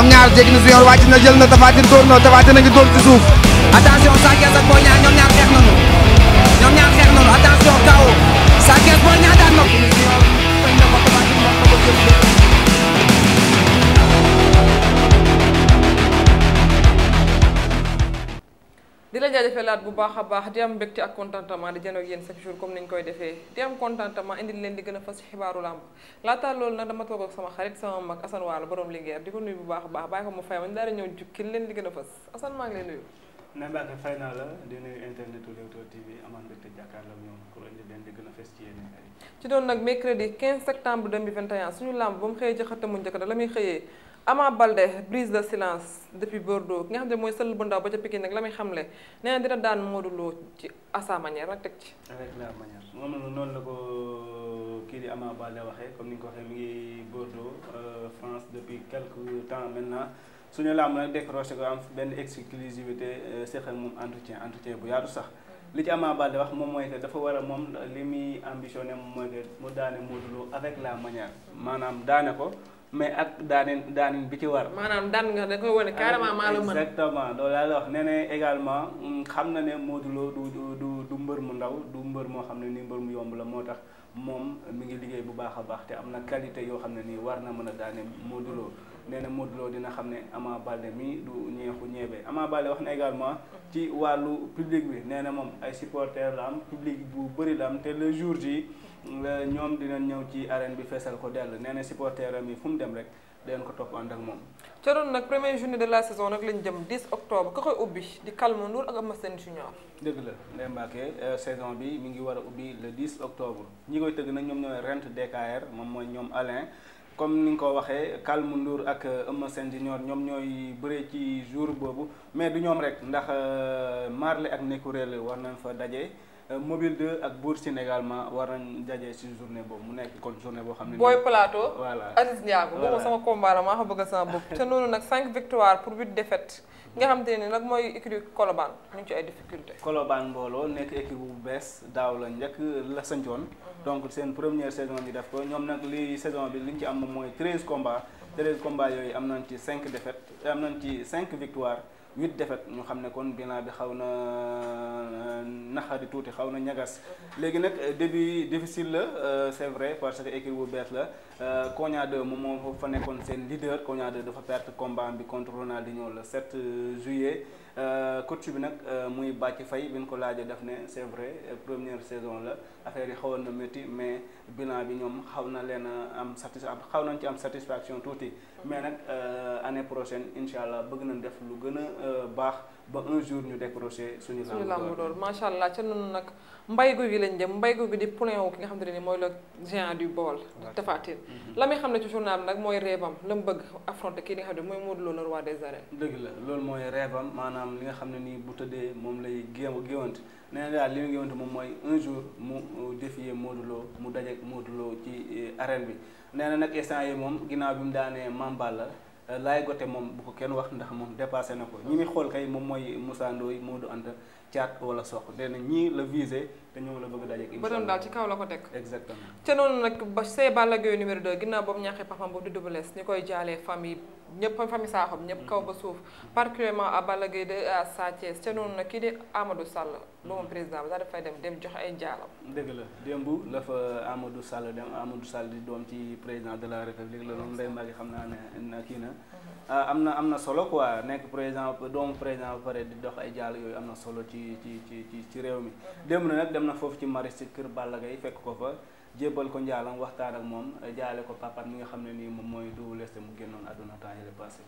ñoom ñaar jéggi na junior wàcc na jël na Tapha Tine dóor na Tapha Tine a ngi dóor ci suuf ñoom ñaar xeex nañu ñoom ñaar xeex nañu attention kaw Sa Thiès Boy daan na jaajëfee loolu nag dama toog sama xarit sama mag Assane Waalo borom Linguère di ko nuyu bu baax baax bàyyi ko mu fay ma ñu daal ñëw jukkil leen di gën a fas Assane maa ngi lay nuyu. na Mbacke fay naa la di nuyu internet u TV amaan mbégte jàkkaarloo ak ñoom pour indi leen di gën a fes ci doon nag mercredi 15 septembre 2021 suñu làmb ba mu xëyee ci xëtamu njëkk da la muy xëyee Ama Baldé brise de silence depuis Bordeaux ki nga xam ne mooy sël bu ndaw ba ca Pikine nag la muy xamle nee na dina daan Modou Lo ci à sa teg ci. avec la manière moom noonu la ko kii di Ama Baldé waxee comme ni nga ko waxee mi ngi Bordeaux euh, France depuis quelque temps maintenant. suñu làmb nag décroché benn exclusivité euh, seq ak moom entretien bu yaatu sax li ci wax moom mooy dafa war a moom li muy ambitionné moom mooy que mu daane Modou Lo avec la manière maanaam daane ko. mais ak daanin daanin bi ci war. maanaam daan nga da koy wane carrément maa la mën exactement loolu laa la wax nee également mm, xam na ne Modou Lo du du du mbër mu ndaw du mbër moo xam ne nii mbër mu yomb la moo tax moom mi ngi liggéey bu baax a baax te am na qualité yoo xam ne nii war na mën a daane Modou Lo nee na Modou Lo dina xam ne Ama Baldé mii du ñeexu ñeebe Ama Baldé wax na également ci wàllu public bi nee na moom ay supporters la am public bu bëri la am te le jour ji. ñoom dinañ ñëw ci arène bi feesal ko dell nee na supporter am yi fu mu dem rek dinañ ko topp ànd ak moom. ca ron nag première journée de la saison nag lañ jëm 10 octobre ka koy ubbi di Calme Ndour ak Eumeu Sène Junior. la Ndeye Mbacke euh, saison bi mi ngi war a ubbi le 10 octobre ñi koy tëgg nag ñoom ñooy Rent DKR moom mooy ñoom Alain. comme ni nga ko waxee Calme Ndour ak euh, Eumeu Sène Junior ñoom ñooy bëree ci jour boobu mais du ñoom rek ndax euh, Marley ak Nécourél war nañ fa daje. Euh, mobile 2 ak Bour Sine également war nañ daje ci journée boobu mu nekk kon journée boo xam ne. booy plateau voilà Aziz Ndiago. voilà boobu sama combat la maa nag 5 victoires pour 8 défaites nga xam te ne nag mooy équipe Colobane ñu ci ay mbooloo nekk équipe bu bees daaw la njëkk la sañcoon. Mhm. donc seen première saison ñu def ko ñoom nag li saison bi li ñu ci am mooy 13 combats. 13 combats yooyu am nañ ci 5 défaites am nañ ci 5 victoires. huit défaites ñu xam ne kon bilan bi xaw na euh, naxari tuuti xaw na ñagas léegi nag euh, début difficile la euh, c'est vrai parce que équipe bu bees la Konia 2 moom moo fa nekkoon seen leader Konia 2 dafa perte combat bi contre Ronaldinho le 7 juillet Euh, coach bi nag euh, muy bàcc Faye bi nu ko laajee def ne c'est vrai euh, première saison la affaire yi xawoon na métti mais bilan bi ñoom xaw na leen a am satis xaw nañ ci am satisfaction tuuti mais nag année prochaine incha allah bëgg nañ def lu gën a baax. ba un jour ñu décroché suñu lamb d'or macha allah ca noonu nag mbay gu gi lañ dem mbay gu gi di poulain wu ki nga xam ne ni mooy le géant du Baol Tapha Tine mhm. la muy xam mooy reebam la mu bëgg affronter kii li nga xam ne mooy Modou Lo roi des arènes loolu mooy reebam maanaam li nga xam ne nii bu tëddee moom lay géew géwant nee na daal li mu géwante moom mooy un jour mu défier Modou Lo mu dajeek Modou Lo ci eh, arène bi nee na nag instant yi moom ginnaaw bi mu daanee Mamballa Laye Goté moom bu ko kenn wax ndax moom dépassé na ko ñi muy xool kay moom mooy Moussa Ndoye Modou Anta Thiat wala Sokh nee na ñii la visé te ñoo la bëgg dajeeg incha allah bëtam daal ci kaw la ko teg. exactement noonu nag ba see Balla Gaye numéro 2 ginnaaw boobu ñaaxee papam boobu di Double Less ñu koy jaalee famille ñëpp famille Saxum ñëpp kaw ba suuf mm-hmm. particulièrement à Balla de à Sa Thiès ca noonu nag kii di Amadou Sall doomu mm-hmm. président bi daal dafay dem dem joxe ay jaalam. dëgg la démb la fa Amadou Sall dem Amadou Sall doom ci président de la république la loolu Ndeye Mbacke xam naa ne kii na. Mm-hmm. Ah, am na am na solo quoi nekk président doomu président ba pare di dox ay jaal yooyu am na solo ci ci ci ci réew mi dem na foofu ci Maristes kër Balla Gaye fekk ko fa jébbal ko njaalam waxtaan ak moom jaale ko papat mi nga xam ne nii moom mooy Double Less mu génnoon àdduna temps yële passé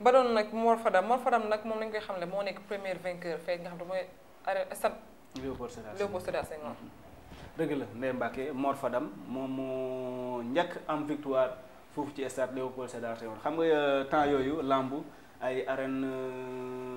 ba doon nag Mor Fadam Mor Fadam nag moom lañ koy xam ne moo nekk premier vainqueur fekk nga xam ne mooy arrêt stade Léopold Sédar Senghor mm-hmm. dëgg xam nga euh, temps yooyu lamb ay arène euh,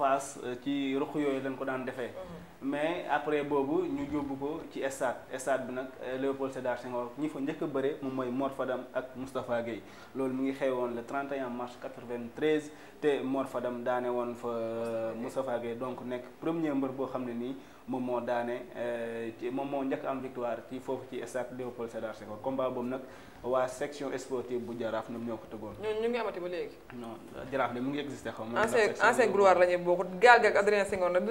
Fass euh, ci ruq yooyu lañ ko daan defee mhm. mais après boobu ñu yóbbu ko ci stade stade bi nag euh, Léopold Sédar Senghor ñi fa njëkk a bëre moom mooy Mor Fadam ak Moustapha Guèye loolu mu ngi xewoon le 31 mars 93 te Mor Fadam daane woon fa euh, Moustapha Guèye donc nekk premier mbër boo xam ne nii moom moo daane moom moo njëkk am victoire ci foofu ci stade Léopold Sédar Senghor combat boobu nag waa section sportive bu jaraaf ñoom ñoo ko tëggoon. ñooñu ñu ngi amati ba léegi. non jaraaf de mu ngi existé xaw ma. ancien ancien gloire la ñuy gaal gi ak Adrien Senghor nag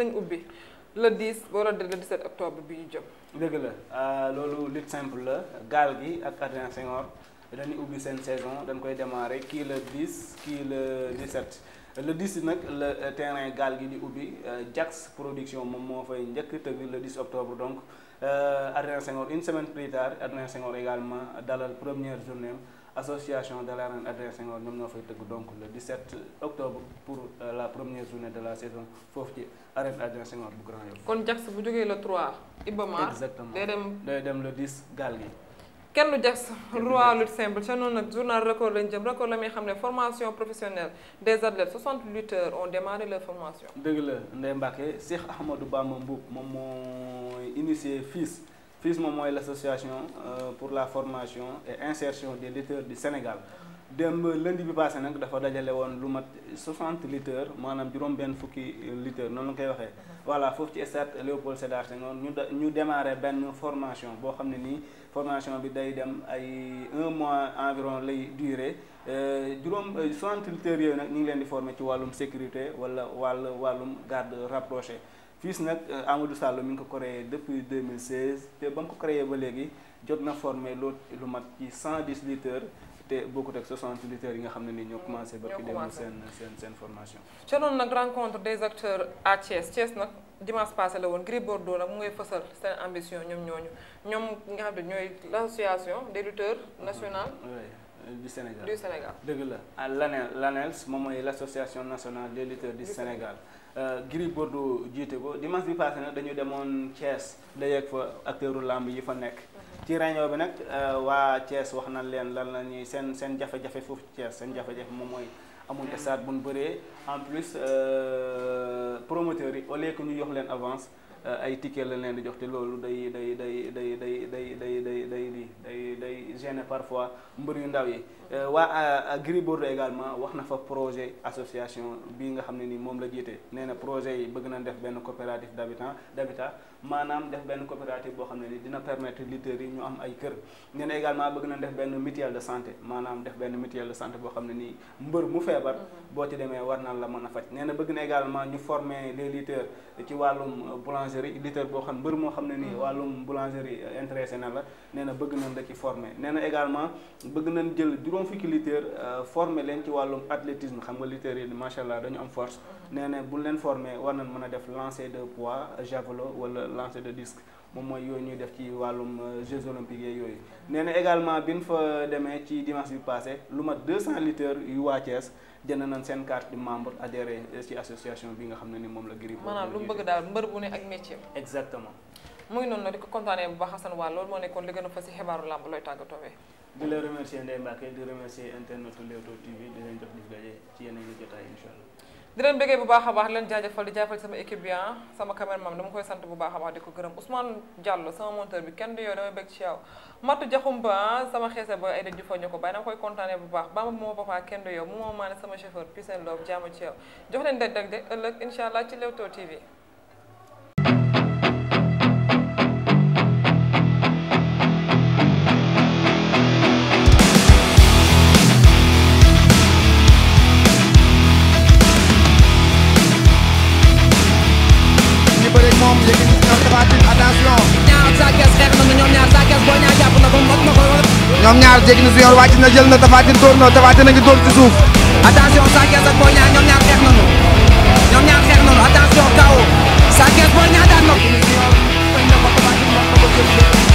le 10 wala le 17 ñu jëm. dëgg la euh, loolu lutte simple la gaal gi ak Adrien Senghor dañuy ubbi seen saison dañ koy démarrer kii la 10 kii le 17. le 10 nag le terrain gaal gi di ubbi Jax euh, production moom moo fay njëkk tëgg le 10 octobre donc euh, Adrien Senghor une semaine plus tard Adrien Senghor également dalal première journée association de la Adrien Senghor ñoom ñoo fay tëgg donc le 17 octobre pour euh, la première journée de la saison foofu ci arène Adrien Senghor bu Grand Yoff. kon Jax bu jógee le 3. Ibamar exactement day dem day dem le 10 gaal gi. kenn du jax roi lutte simple ca noonu nag journal record lañ jëm record la muy xam ne formation professionnelle des athlètes 60 lutteurs ont démarré leur formation. dëgg la Ndeye Mbacke Cheikh Ahmadou Bamba Mboup moom mooy initié FILS FILS moom mooy la association euh, pour la formation et insertion des lutteurs du Sénégal. démb lundi bi passé nag dafa dajale woon lu mat 60 litres maanaam juróom-benn fukki litres noonu la koy waxee. voilà foofu ci stade Léopold Sédar Senghor ñu ñu démarré benn formation boo xam ne nii formation bi day dem ay un mois environ lay durer euh, juróom 60 euh, litres yooyu nag ñu ngi leen di former ci wàllum sécurité wala wàll wàllum garde rapproché. FILS nag euh, Amadou Sall mi ngi ko créé depuis 2016 te ba nga ko créé ba léegi jot na formé lu lu mat ci 110 litres. te boo bokkut ak 60 lutteurs yi nga xam ne ni ñoo commencé. ba fi dem seen seen seen formation. ca noonu nag rencontre des acteurs à Thiès Thiès nag dimanche passé la woon Gris Bordeaux nag mu ngay fësal seen ambition ñoom ñooñu ñoom nga xam ne ñooy l' association des lutteurs nationales. Euh, du Sénégal du dëgg la ah l'ANEL l'ANELS moom mooy l'association nationale des lutteurs du Sénégal. Euh, Gris Bordeaux jiite ko dimanche bi passé na dañu demoon Thiès da yegg fa acteuru làmb yi fa nekk. Mhm. ci réunion bi nag euh, waa cees wax na leen lan la ñuy seen seen jafe-jafe foofu Thiès seen jafe-jafe moom mooy amuñ mm-hmm. stade bu ñu bëree en plus euh, promoteurs yi au lieu que ñu jox leen avance euh, ay ticket la leen di jox te loolu day day day day day day gêné parfois mbër yu ndaw yi euh, waa Gris Bordeaux également wax na fa projet association bi nga xam ne nii moom la jiite nee na projet yi bëgg nañ def benn coopérative d'habitat d'habitat maanaam def benn coopérative boo xam ne ni dina permettre lutteurs yi ñu am ay kër nee na bëgg na def benn mutuelle de santé maanaam def benn mutuelle de santé boo xam ne nii mbër mu feebar mhm. boo ci demee war na la mën a faj nee na bëgg na également ñu former les lutteurs ci wàllum boulangerie lutteur boo xam mbër moo xam ne nii mhm. wàllum boulangerie euh, intéressé na la nee na bëgg nañ la ci former nee na également bëgg nañ jël juróom fukki lutteurs euh, former leen ci wàllum athlétisme xam nga lutteurs yi macha allah dañu am force mm-hmm. nee na bu leen former war nañ mën a def lancer de pois javelot wala lancer de disque moom mooy yooyu ñuy def ci wàllum euh, Jeux olympiques yeeg yooyu. nee na également bi ñu fa demee ci dimanche bi passé lu mat 200 lutteurs yu waa Thiès jënd nañ seen carte de membre adhéré ci association bi nga xam ne ni moom la. grippe maanaam lu mu bëgg daal mbër bu ne ak métier. exactement. muy noonu la di ko kontaanee bu baax Assane Wall loolu moo nekkoon li gën a fas ci xibaaru làmb looy tàggatoo di la remercier Ndeye Mbacke di remercier internetu Leewtoo TV di leen jox dig ci yeneen a baax ah, dama koy sant bu baax a baax di ko gërëm Ousmane Diallo sama monteur bi kenn du yow damay bëgg ci yow Matou Diakhoumba ah, sama xeese ba ay dëj fa ñu ko bàyyi dama koy kontaanee bu baax Bamba bu ma papa kenn du yow mu ma maane sama chauffeur Peace and Love jaamu ci yow jox leen daj daj de ëllëg allah ci Leewtoo TV ñoom Tapha Tine attention. ñaar Sa na ñoom ñaar Sa Thiès booy ñaar jàpp na ko mot na ñoom ñaar jéggi na si jël na Tapha Tine na Tapha a ngi dóor ci suuf. attention Sa Thiès ñoom ñaar xeex ñoom ñaar xeex nañu attention kaw Sa daan na